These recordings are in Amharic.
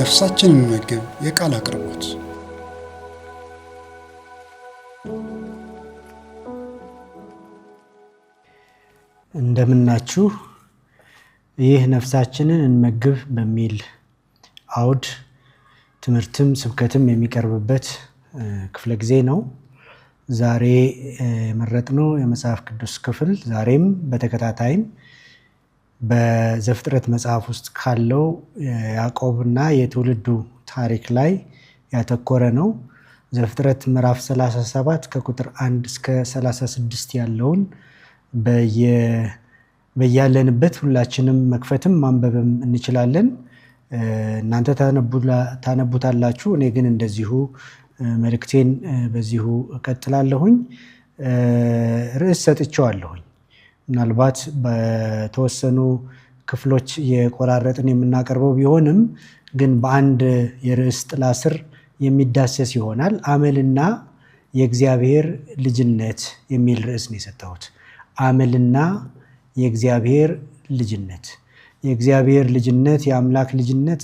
ነፍሳችንን መገብ የቃል አቅርቦት እንደምናችሁ። ይህ ነፍሳችንን እንመግብ በሚል አውድ ትምህርትም ስብከትም የሚቀርብበት ክፍለ ጊዜ ነው። ዛሬ የመረጥነው የመጽሐፍ ቅዱስ ክፍል ዛሬም በተከታታይም በዘፍጥረት መጽሐፍ ውስጥ ካለው ያዕቆብና የትውልዱ ታሪክ ላይ ያተኮረ ነው። ዘፍጥረት ምዕራፍ 37 ከቁጥር 1 እስከ 36 ያለውን በያለንበት ሁላችንም መክፈትም ማንበብም እንችላለን። እናንተ ታነቡታላችሁ፣ እኔ ግን እንደዚሁ መልእክቴን በዚሁ እቀጥላለሁኝ። ርዕስ ሰጥቸዋለሁ ምናልባት በተወሰኑ ክፍሎች የቆራረጥን የምናቀርበው ቢሆንም ግን በአንድ የርዕስ ጥላ ስር የሚዳሰስ ይሆናል። አመልና የእግዚአብሔር ልጅነት የሚል ርዕስ ነው የሰጠሁት። አመልና የእግዚአብሔር ልጅነት የእግዚአብሔር ልጅነት የአምላክ ልጅነት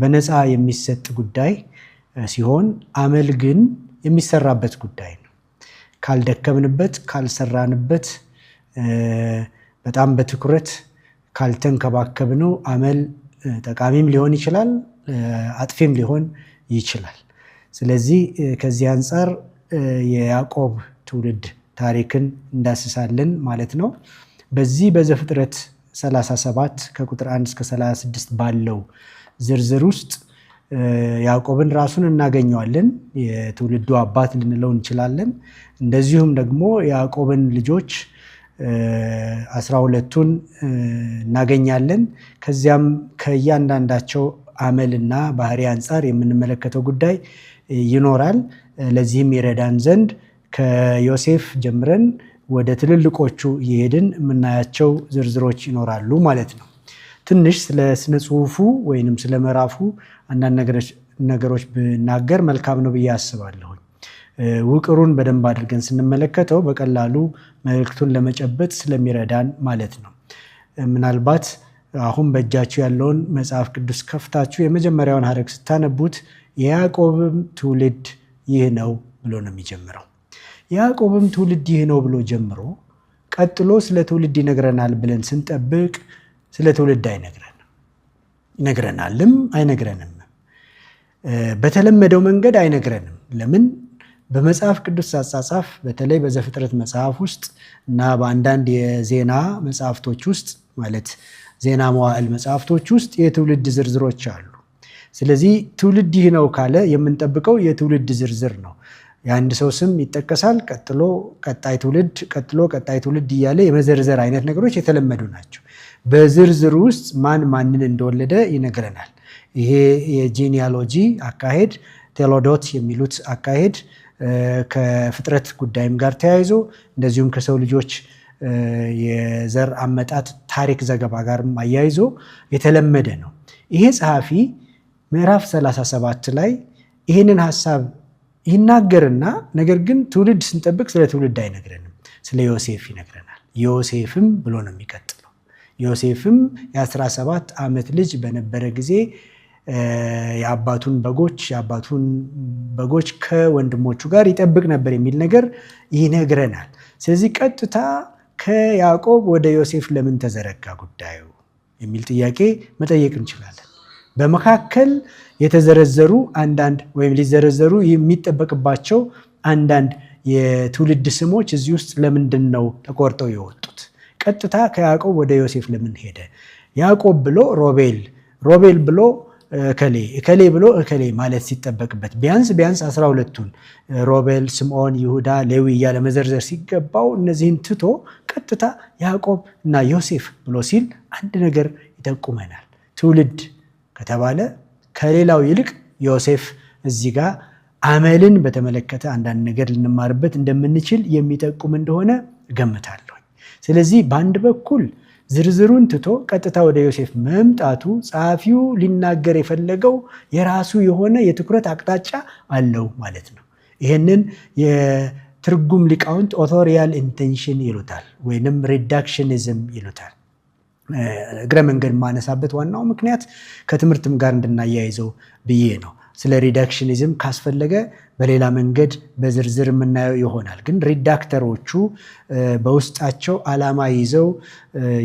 በነፃ የሚሰጥ ጉዳይ ሲሆን አመል ግን የሚሰራበት ጉዳይ ነው። ካልደከምንበት፣ ካልሰራንበት በጣም በትኩረት ካልተንከባከብነው አመል ጠቃሚም ሊሆን ይችላል፣ አጥፊም ሊሆን ይችላል። ስለዚህ ከዚህ አንጻር የያዕቆብ ትውልድ ታሪክን እንዳስሳለን ማለት ነው። በዚህ በዘፍጥረት 37 ከቁጥር 1 እስከ 36 ባለው ዝርዝር ውስጥ ያዕቆብን ራሱን እናገኘዋለን። የትውልዱ አባት ልንለው እንችላለን። እንደዚሁም ደግሞ ያዕቆብን ልጆች አስራ ሁለቱን እናገኛለን። ከዚያም ከእያንዳንዳቸው አመልና ባህሪ አንጻር የምንመለከተው ጉዳይ ይኖራል። ለዚህም ይረዳን ዘንድ ከዮሴፍ ጀምረን ወደ ትልልቆቹ እየሄድን የምናያቸው ዝርዝሮች ይኖራሉ ማለት ነው። ትንሽ ስለ ስነ ጽሁፉ ወይንም ስለ ምዕራፉ አንዳንድ ነገሮች ብናገር መልካም ነው ብዬ አስባለሁኝ። ውቅሩን በደንብ አድርገን ስንመለከተው በቀላሉ መልእክቱን ለመጨበጥ ስለሚረዳን ማለት ነው። ምናልባት አሁን በእጃችሁ ያለውን መጽሐፍ ቅዱስ ከፍታችሁ የመጀመሪያውን ሐረግ ስታነቡት የያዕቆብም ትውልድ ይህ ነው ብሎ ነው የሚጀምረው። የያዕቆብም ትውልድ ይህ ነው ብሎ ጀምሮ ቀጥሎ ስለ ትውልድ ይነግረናል ብለን ስንጠብቅ ስለ ትውልድ አይነግረንም፣ ይነግረናልም አይነግረንም። በተለመደው መንገድ አይነግረንም። ለምን? በመጽሐፍ ቅዱስ አጻጻፍ በተለይ በዘፍጥረት መጽሐፍ ውስጥ እና በአንዳንድ የዜና መጽሐፍቶች ውስጥ ማለት ዜና መዋዕል መጽሐፍቶች ውስጥ የትውልድ ዝርዝሮች አሉ። ስለዚህ ትውልድ ይህ ነው ካለ የምንጠብቀው የትውልድ ዝርዝር ነው። የአንድ ሰው ስም ይጠቀሳል። ቀጥሎ ቀጣይ ትውልድ፣ ቀጥሎ ቀጣይ ትውልድ እያለ የመዘርዘር አይነት ነገሮች የተለመዱ ናቸው። በዝርዝር ውስጥ ማን ማንን እንደወለደ ይነግረናል። ይሄ የጂኒያሎጂ አካሄድ ቴሎዶት የሚሉት አካሄድ ከፍጥረት ጉዳይም ጋር ተያይዞ እንደዚሁም ከሰው ልጆች የዘር አመጣት ታሪክ ዘገባ ጋርም አያይዞ የተለመደ ነው። ይሄ ጸሐፊ ምዕራፍ 37 ላይ ይህንን ሀሳብ ይናገርና ነገር ግን ትውልድ ስንጠብቅ ስለ ትውልድ አይነግረንም፣ ስለ ዮሴፍ ይነግረናል። ዮሴፍም ብሎ ነው የሚቀጥለው። ዮሴፍም የ17 ዓመት ልጅ በነበረ ጊዜ የአባቱን በጎች የአባቱን በጎች ከወንድሞቹ ጋር ይጠብቅ ነበር የሚል ነገር ይነግረናል። ስለዚህ ቀጥታ ከያዕቆብ ወደ ዮሴፍ ለምን ተዘረጋ ጉዳዩ የሚል ጥያቄ መጠየቅ እንችላለን። በመካከል የተዘረዘሩ አንዳንድ ወይም ሊዘረዘሩ የሚጠበቅባቸው አንዳንድ የትውልድ ስሞች እዚህ ውስጥ ለምንድን ነው ተቆርጠው የወጡት? ቀጥታ ከያዕቆብ ወደ ዮሴፍ ለምን ሄደ? ያዕቆብ ብሎ ሮቤል፣ ሮቤል ብሎ እከሌ እከሌ ብሎ እከሌ ማለት ሲጠበቅበት ቢያንስ ቢያንስ አስራ ሁለቱን ሮቤል፣ ስምዖን፣ ይሁዳ፣ ሌዊ እያለ መዘርዘር ሲገባው እነዚህን ትቶ ቀጥታ ያዕቆብ እና ዮሴፍ ብሎ ሲል አንድ ነገር ይጠቁመናል። ትውልድ ከተባለ ከሌላው ይልቅ ዮሴፍ እዚህ ጋር አመልን በተመለከተ አንዳንድ ነገር ልንማርበት እንደምንችል የሚጠቁም እንደሆነ እገምታለሁ። ስለዚህ በአንድ በኩል ዝርዝሩን ትቶ ቀጥታ ወደ ዮሴፍ መምጣቱ ጸሐፊው ሊናገር የፈለገው የራሱ የሆነ የትኩረት አቅጣጫ አለው ማለት ነው። ይህንን የትርጉም ሊቃውንት ኦቶሪያል ኢንቴንሽን ይሉታል፣ ወይንም ሪዳክሽኒዝም ይሉታል። እግረ መንገድ የማነሳበት ዋናው ምክንያት ከትምህርትም ጋር እንድናያይዘው ብዬ ነው። ስለ ሪዳክሽኒዝም ካስፈለገ በሌላ መንገድ በዝርዝር የምናየው ይሆናል። ግን ሪዳክተሮቹ በውስጣቸው ዓላማ ይዘው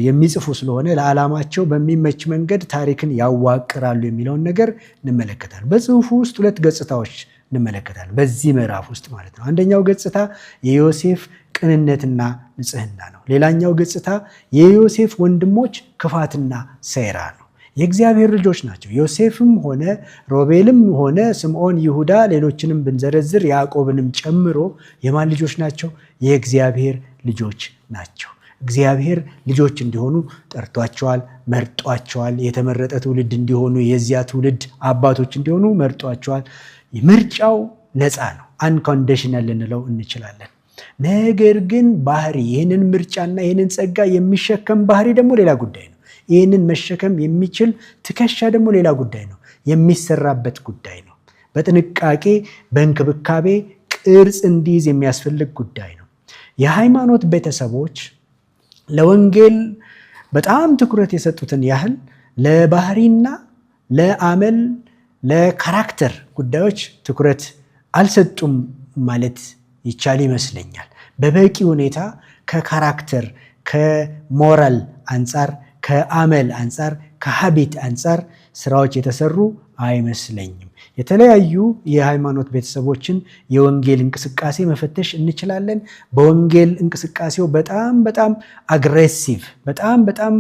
የሚጽፉ ስለሆነ ለዓላማቸው በሚመች መንገድ ታሪክን ያዋቅራሉ የሚለውን ነገር እንመለከታል። በጽሁፉ ውስጥ ሁለት ገጽታዎች እንመለከታል፣ በዚህ ምዕራፍ ውስጥ ማለት ነው። አንደኛው ገጽታ የዮሴፍ ቅንነትና ንጽህና ነው። ሌላኛው ገጽታ የዮሴፍ ወንድሞች ክፋትና ሰይራ ነው። የእግዚአብሔር ልጆች ናቸው። ዮሴፍም ሆነ ሮቤልም ሆነ ስምዖን፣ ይሁዳ፣ ሌሎችንም ብንዘረዝር ያዕቆብንም ጨምሮ የማን ልጆች ናቸው? የእግዚአብሔር ልጆች ናቸው። እግዚአብሔር ልጆች እንዲሆኑ ጠርቷቸዋል፣ መርጧቸዋል። የተመረጠ ትውልድ እንዲሆኑ የዚያ ትውልድ አባቶች እንዲሆኑ መርጧቸዋል። ምርጫው ነፃ ነው። አንኮንዲሽናል ልንለው እንችላለን። ነገር ግን ባህሪ ይህንን ምርጫና ይህንን ጸጋ የሚሸከም ባህሪ ደግሞ ሌላ ጉዳይ ነው። ይህንን መሸከም የሚችል ትከሻ ደግሞ ሌላ ጉዳይ ነው፣ የሚሰራበት ጉዳይ ነው። በጥንቃቄ በእንክብካቤ ቅርጽ እንዲይዝ የሚያስፈልግ ጉዳይ ነው። የሃይማኖት ቤተሰቦች ለወንጌል በጣም ትኩረት የሰጡትን ያህል ለባህሪና ለአመል ለካራክተር ጉዳዮች ትኩረት አልሰጡም ማለት ይቻል ይመስለኛል። በበቂ ሁኔታ ከካራክተር ከሞራል አንጻር ከአመል አንጻር ከሀቢት አንጻር ስራዎች የተሰሩ አይመስለኝም። የተለያዩ የሃይማኖት ቤተሰቦችን የወንጌል እንቅስቃሴ መፈተሽ እንችላለን። በወንጌል እንቅስቃሴው በጣም በጣም አግሬሲቭ በጣም በጣም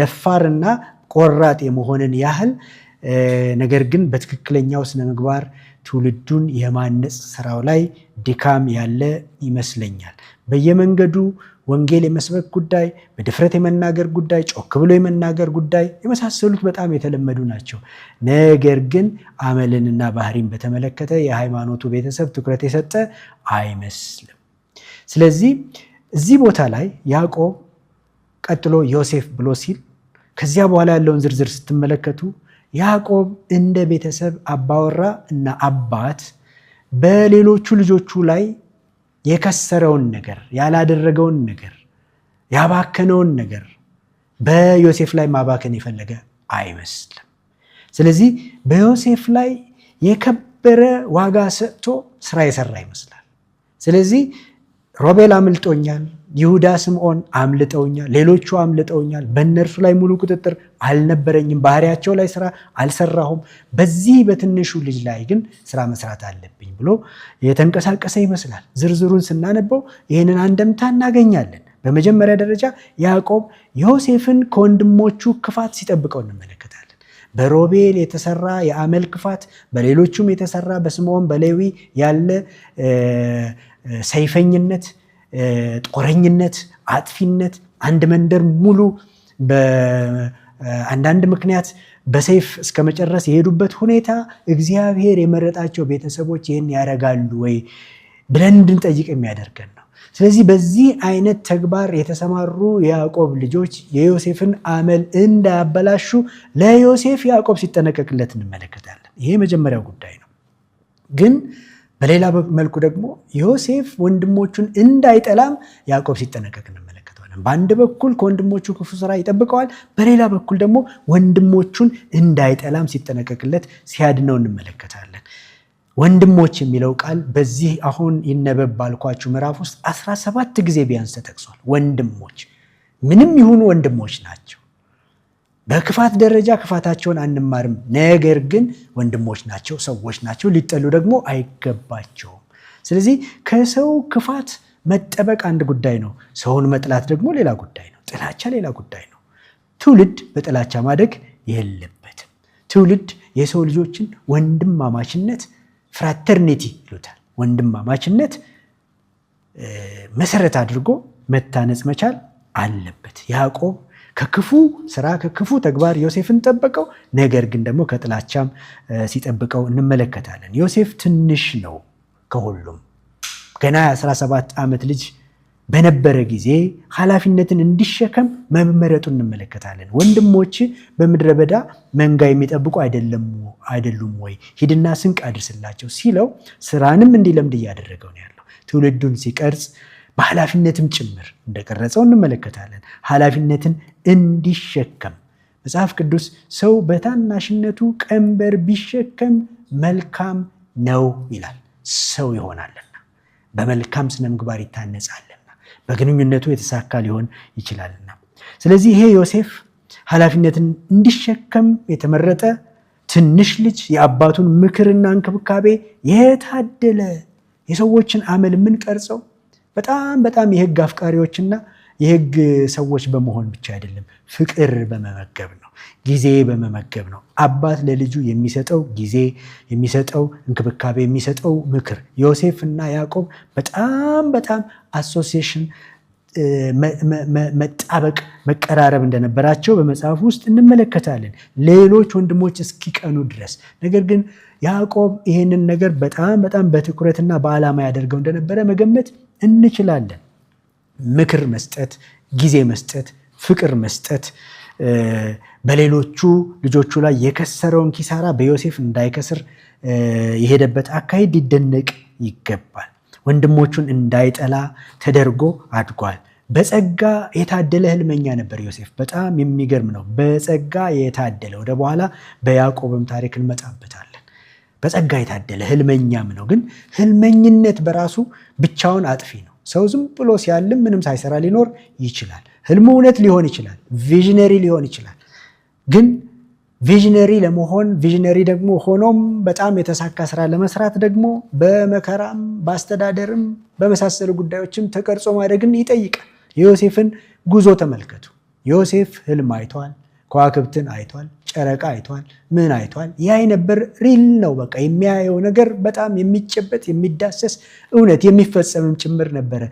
ደፋርና ቆራጥ የመሆንን ያህል ነገር ግን በትክክለኛው ስነ ምግባር ትውልዱን የማነጽ ስራው ላይ ድካም ያለ ይመስለኛል። በየመንገዱ ወንጌል የመስበክ ጉዳይ፣ በድፍረት የመናገር ጉዳይ፣ ጮክ ብሎ የመናገር ጉዳይ የመሳሰሉት በጣም የተለመዱ ናቸው። ነገር ግን አመልንና ባህሪን በተመለከተ የሃይማኖቱ ቤተሰብ ትኩረት የሰጠ አይመስልም። ስለዚህ እዚህ ቦታ ላይ ያዕቆብ ቀጥሎ ዮሴፍ ብሎ ሲል ከዚያ በኋላ ያለውን ዝርዝር ስትመለከቱ ያዕቆብ እንደ ቤተሰብ አባወራ እና አባት በሌሎቹ ልጆቹ ላይ የከሰረውን ነገር ያላደረገውን ነገር ያባከነውን ነገር በዮሴፍ ላይ ማባከን የፈለገ አይመስልም። ስለዚህ በዮሴፍ ላይ የከበረ ዋጋ ሰጥቶ ስራ የሰራ ይመስላል። ስለዚህ ሮቤል አምልጦኛል ይሁዳ ስምዖን አምልጠውኛል፣ ሌሎቹ አምልጠውኛል። በእነርሱ ላይ ሙሉ ቁጥጥር አልነበረኝም፣ ባህሪያቸው ላይ ስራ አልሰራሁም። በዚህ በትንሹ ልጅ ላይ ግን ስራ መስራት አለብኝ ብሎ የተንቀሳቀሰ ይመስላል። ዝርዝሩን ስናነበው ይህንን አንደምታ እናገኛለን። በመጀመሪያ ደረጃ ያዕቆብ ዮሴፍን ከወንድሞቹ ክፋት ሲጠብቀው እንመለከታለን። በሮቤል የተሰራ የአመል ክፋት፣ በሌሎቹም የተሰራ በስምዖን በሌዊ ያለ ሰይፈኝነት ጦረኝነት፣ አጥፊነት አንድ መንደር ሙሉ በአንዳንድ ምክንያት በሰይፍ እስከ መጨረስ የሄዱበት ሁኔታ እግዚአብሔር የመረጣቸው ቤተሰቦች ይህን ያደርጋሉ ወይ ብለን እንድንጠይቅ የሚያደርገን ነው። ስለዚህ በዚህ አይነት ተግባር የተሰማሩ የያዕቆብ ልጆች የዮሴፍን አመል እንዳያበላሹ ለዮሴፍ ያዕቆብ ሲጠነቀቅለት እንመለከታለን። ይሄ የመጀመሪያው ጉዳይ ነው ግን በሌላ መልኩ ደግሞ ዮሴፍ ወንድሞቹን እንዳይጠላም ያዕቆብ ሲጠነቀቅ እንመለከተዋለን። በአንድ በኩል ከወንድሞቹ ክፉ ስራ ይጠብቀዋል፣ በሌላ በኩል ደግሞ ወንድሞቹን እንዳይጠላም ሲጠነቀቅለት ሲያድነው እንመለከታለን። ወንድሞች የሚለው ቃል በዚህ አሁን ይነበብ ባልኳችሁ ምዕራፍ ውስጥ 17 ጊዜ ቢያንስ ተጠቅሷል። ወንድሞች ምንም ይሁኑ ወንድሞች ናቸው በክፋት ደረጃ ክፋታቸውን አንማርም። ነገር ግን ወንድሞች ናቸው፣ ሰዎች ናቸው፣ ሊጠሉ ደግሞ አይገባቸውም። ስለዚህ ከሰው ክፋት መጠበቅ አንድ ጉዳይ ነው። ሰውን መጥላት ደግሞ ሌላ ጉዳይ ነው። ጥላቻ ሌላ ጉዳይ ነው። ትውልድ በጥላቻ ማደግ የለበትም። ትውልድ የሰው ልጆችን ወንድማማችነት ፍራተርኒቲ ይሉታል ወንድማማችነት መሰረት አድርጎ መታነጽ መቻል አለበት። ያዕቆብ ከክፉ ስራ ከክፉ ተግባር ዮሴፍን ጠበቀው። ነገር ግን ደግሞ ከጥላቻም ሲጠብቀው እንመለከታለን። ዮሴፍ ትንሽ ነው ከሁሉም ገና 17 ዓመት ልጅ በነበረ ጊዜ ኃላፊነትን እንዲሸከም መመረጡ እንመለከታለን። ወንድሞች በምድረ በዳ መንጋ የሚጠብቁ አይደሉም ወይ? ሂድና ስንቅ አድርስላቸው ሲለው ስራንም እንዲለምድ እያደረገው ነው ያለው ትውልዱን ሲቀርጽ በኃላፊነትም ጭምር እንደቀረጸው እንመለከታለን። ኃላፊነትን እንዲሸከም መጽሐፍ ቅዱስ ሰው በታናሽነቱ ቀንበር ቢሸከም መልካም ነው ይላል። ሰው ይሆናልና በመልካም ስነ ምግባር ይታነጻልና በግንኙነቱ የተሳካ ሊሆን ይችላልና። ስለዚህ ይሄ ዮሴፍ ኃላፊነትን እንዲሸከም የተመረጠ ትንሽ ልጅ የአባቱን ምክርና እንክብካቤ የታደለ የሰዎችን አመል የምንቀርጸው በጣም በጣም የህግ አፍቃሪዎችና የህግ ሰዎች በመሆን ብቻ አይደለም፣ ፍቅር በመመገብ ነው፣ ጊዜ በመመገብ ነው። አባት ለልጁ የሚሰጠው ጊዜ፣ የሚሰጠው እንክብካቤ፣ የሚሰጠው ምክር ዮሴፍ እና ያዕቆብ በጣም በጣም አሶሲሽን መጣበቅ መቀራረብ እንደነበራቸው በመጽሐፍ ውስጥ እንመለከታለን፣ ሌሎች ወንድሞች እስኪቀኑ ድረስ። ነገር ግን ያዕቆብ ይህንን ነገር በጣም በጣም በትኩረትና በዓላማ ያደርገው እንደነበረ መገመት እንችላለን። ምክር መስጠት፣ ጊዜ መስጠት፣ ፍቅር መስጠት በሌሎቹ ልጆቹ ላይ የከሰረውን ኪሳራ በዮሴፍ እንዳይከስር የሄደበት አካሄድ ሊደነቅ ይገባል። ወንድሞቹን እንዳይጠላ ተደርጎ አድጓል። በጸጋ የታደለ ህልመኛ ነበር ዮሴፍ። በጣም የሚገርም ነው። በጸጋ የታደለ ወደ በኋላ በያዕቆብም ታሪክ እንመጣበታለን። በጸጋ የታደለ ህልመኛም ነው። ግን ህልመኝነት በራሱ ብቻውን አጥፊ ነው። ሰው ዝም ብሎ ሲያልም ምንም ሳይሰራ ሊኖር ይችላል። ህልሙ እውነት ሊሆን ይችላል። ቪዥነሪ ሊሆን ይችላል። ግን ቪዥነሪ ለመሆን ቪዥነሪ ደግሞ ሆኖም በጣም የተሳካ ስራ ለመስራት ደግሞ በመከራም በአስተዳደርም በመሳሰሉ ጉዳዮችም ተቀርጾ ማደግን ይጠይቃል። የዮሴፍን ጉዞ ተመልከቱ። ዮሴፍ ህልም አይቷል። ከዋክብትን አይቷል። ጨረቃ አይቷል። ምን አይቷል? ያይ ነበር። ሪል ነው በቃ የሚያየው ነገር በጣም የሚጨበጥ የሚዳሰስ እውነት የሚፈጸምም ጭምር ነበረ።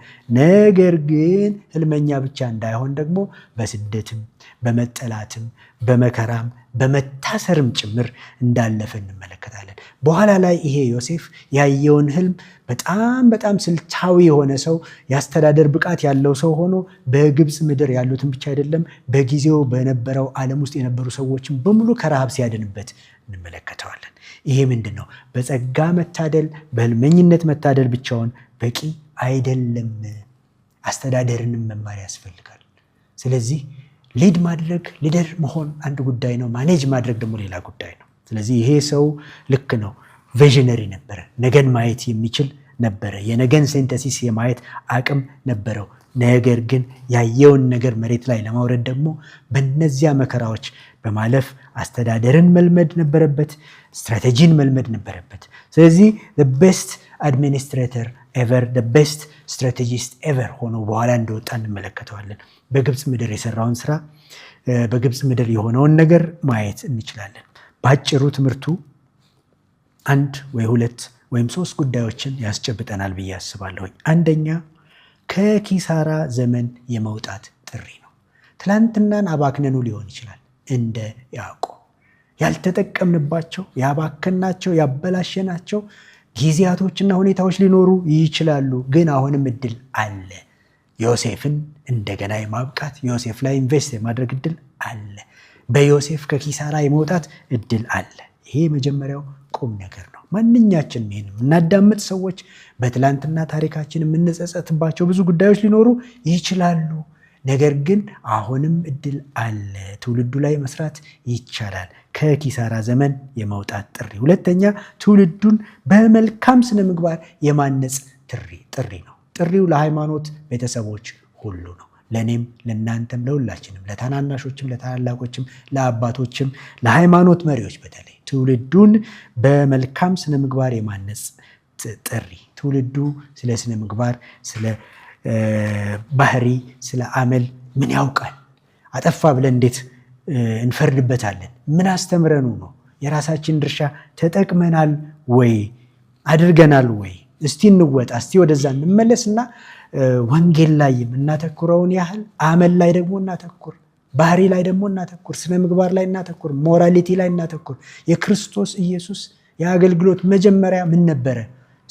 ነገር ግን ህልመኛ ብቻ እንዳይሆን ደግሞ በስደትም በመጠላትም በመከራም በመታሰርም ጭምር እንዳለፈ እንመለከታለን። በኋላ ላይ ይሄ ዮሴፍ ያየውን ህልም በጣም በጣም ስልታዊ የሆነ ሰው የአስተዳደር ብቃት ያለው ሰው ሆኖ በግብፅ ምድር ያሉትን ብቻ አይደለም በጊዜው በነበረው ዓለም ውስጥ የነበሩ ሰዎችን በሙሉ ከረሃብ ሲያድን ሲናገርበት እንመለከተዋለን። ይሄ ምንድን ነው? በጸጋ መታደል በህልመኝነት መታደል ብቻውን በቂ አይደለም። አስተዳደርንም መማር ያስፈልጋል። ስለዚህ ሊድ ማድረግ ሊደር መሆን አንድ ጉዳይ ነው። ማኔጅ ማድረግ ደግሞ ሌላ ጉዳይ ነው። ስለዚህ ይሄ ሰው ልክ ነው፣ ቪዥነሪ ነበረ። ነገን ማየት የሚችል ነበረ። የነገን ሴንተሲስ የማየት አቅም ነበረው። ነገር ግን ያየውን ነገር መሬት ላይ ለማውረድ ደግሞ በነዚያ መከራዎች በማለፍ አስተዳደርን መልመድ ነበረበት፣ ስትራቴጂን መልመድ ነበረበት። ስለዚህ ቤስት አድሚኒስትሬተር ኤቨር ቤስት ስትራቴጂስት ኤቨር ሆኖ በኋላ እንደወጣ እንመለከተዋለን። በግብፅ ምድር የሰራውን ስራ በግብፅ ምድር የሆነውን ነገር ማየት እንችላለን። በአጭሩ ትምህርቱ አንድ ወይ ሁለት ወይም ሶስት ጉዳዮችን ያስጨብጠናል ብዬ አስባለሁኝ። አንደኛ ከኪሳራ ዘመን የመውጣት ጥሪ ነው። ትላንትናን አባክነኑ ሊሆን ይችላል እንደ ያዕቆብ ያልተጠቀምንባቸው፣ ያባከናቸው፣ ያበላሸናቸው ጊዜያቶችና ሁኔታዎች ሊኖሩ ይችላሉ። ግን አሁንም እድል አለ። ዮሴፍን እንደገና የማብቃት ዮሴፍ ላይ ኢንቨስት የማድረግ እድል አለ። በዮሴፍ ከኪሳራ የመውጣት እድል አለ። ይሄ የመጀመሪያው ቁም ነገር ነው። ማንኛችን ይህን የምናዳምጥ ሰዎች በትላንትና ታሪካችን የምንጸጸትባቸው ብዙ ጉዳዮች ሊኖሩ ይችላሉ። ነገር ግን አሁንም እድል አለ። ትውልዱ ላይ መስራት ይቻላል። ከኪሳራ ዘመን የመውጣት ጥሪ። ሁለተኛ ትውልዱን በመልካም ስነ ምግባር የማነጽ ጥሪ ጥሪ ነው። ጥሪው ለሃይማኖት ቤተሰቦች ሁሉ ነው። ለእኔም ለእናንተም ለሁላችንም፣ ለታናናሾችም፣ ለታላላቆችም፣ ለአባቶችም፣ ለሃይማኖት መሪዎች በተለይ ትውልዱን በመልካም ስነ ምግባር የማነጽ ጥሪ ትውልዱ ስለ ስነ ምግባር ስለ ባህሪ፣ ስለ አመል ምን ያውቃል? አጠፋ ብለን እንዴት እንፈርድበታለን? ምን አስተምረኑ ነው? የራሳችን ድርሻ ተጠቅመናል ወይ አድርገናል ወይ? እስቲ እንወጣ፣ እስቲ ወደዛ እንመለስና ወንጌል ላይ የምናተኩረውን ያህል አመል ላይ ደግሞ እናተኩር፣ ባህሪ ላይ ደግሞ እናተኩር፣ ስነ ምግባር ላይ እናተኩር፣ ሞራሊቲ ላይ እናተኩር። የክርስቶስ ኢየሱስ የአገልግሎት መጀመሪያ ምን ነበረ?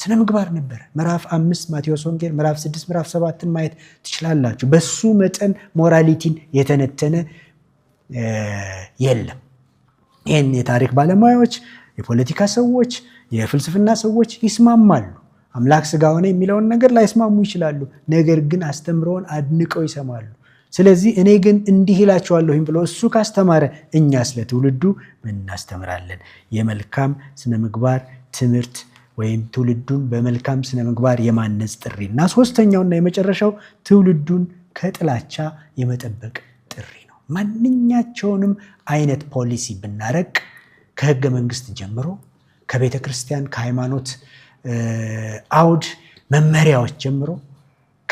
ስነ ምግባር ነበረ። ምዕራፍ አምስት ማቴዎስ ወንጌል ምዕራፍ ስድስት ምዕራፍ ሰባትን ማየት ትችላላችሁ። በሱ መጠን ሞራሊቲን የተነተነ የለም። ይህን የታሪክ ባለሙያዎች፣ የፖለቲካ ሰዎች፣ የፍልስፍና ሰዎች ይስማማሉ። አምላክ ስጋ ሆነ የሚለውን ነገር ላይስማሙ ይችላሉ። ነገር ግን አስተምረውን አድንቀው ይሰማሉ። ስለዚህ እኔ ግን እንዲህ ይላቸዋለሁኝ ብሎ እሱ ካስተማረ እኛ ስለ ትውልዱ እናስተምራለን። የመልካም ስነ ምግባር ትምህርት ወይም ትውልዱን በመልካም ስነ ምግባር የማነጽ ጥሪ እና ሶስተኛውና የመጨረሻው ትውልዱን ከጥላቻ የመጠበቅ ጥሪ ነው። ማንኛቸውንም አይነት ፖሊሲ ብናረቅ ከህገ መንግስት ጀምሮ ከቤተ ክርስቲያን ከሃይማኖት አውድ መመሪያዎች ጀምሮ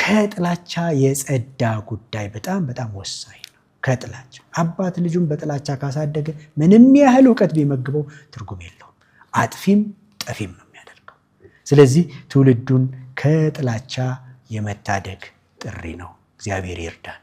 ከጥላቻ የጸዳ ጉዳይ በጣም በጣም ወሳኝ ነው። ከጥላቻ አባት ልጁን በጥላቻ ካሳደገ ምንም ያህል እውቀት ቢመግበው ትርጉም የለውም። አጥፊም ጠፊም ነው። ስለዚህ ትውልዱን ከጥላቻ የመታደግ ጥሪ ነው። እግዚአብሔር ይርዳን።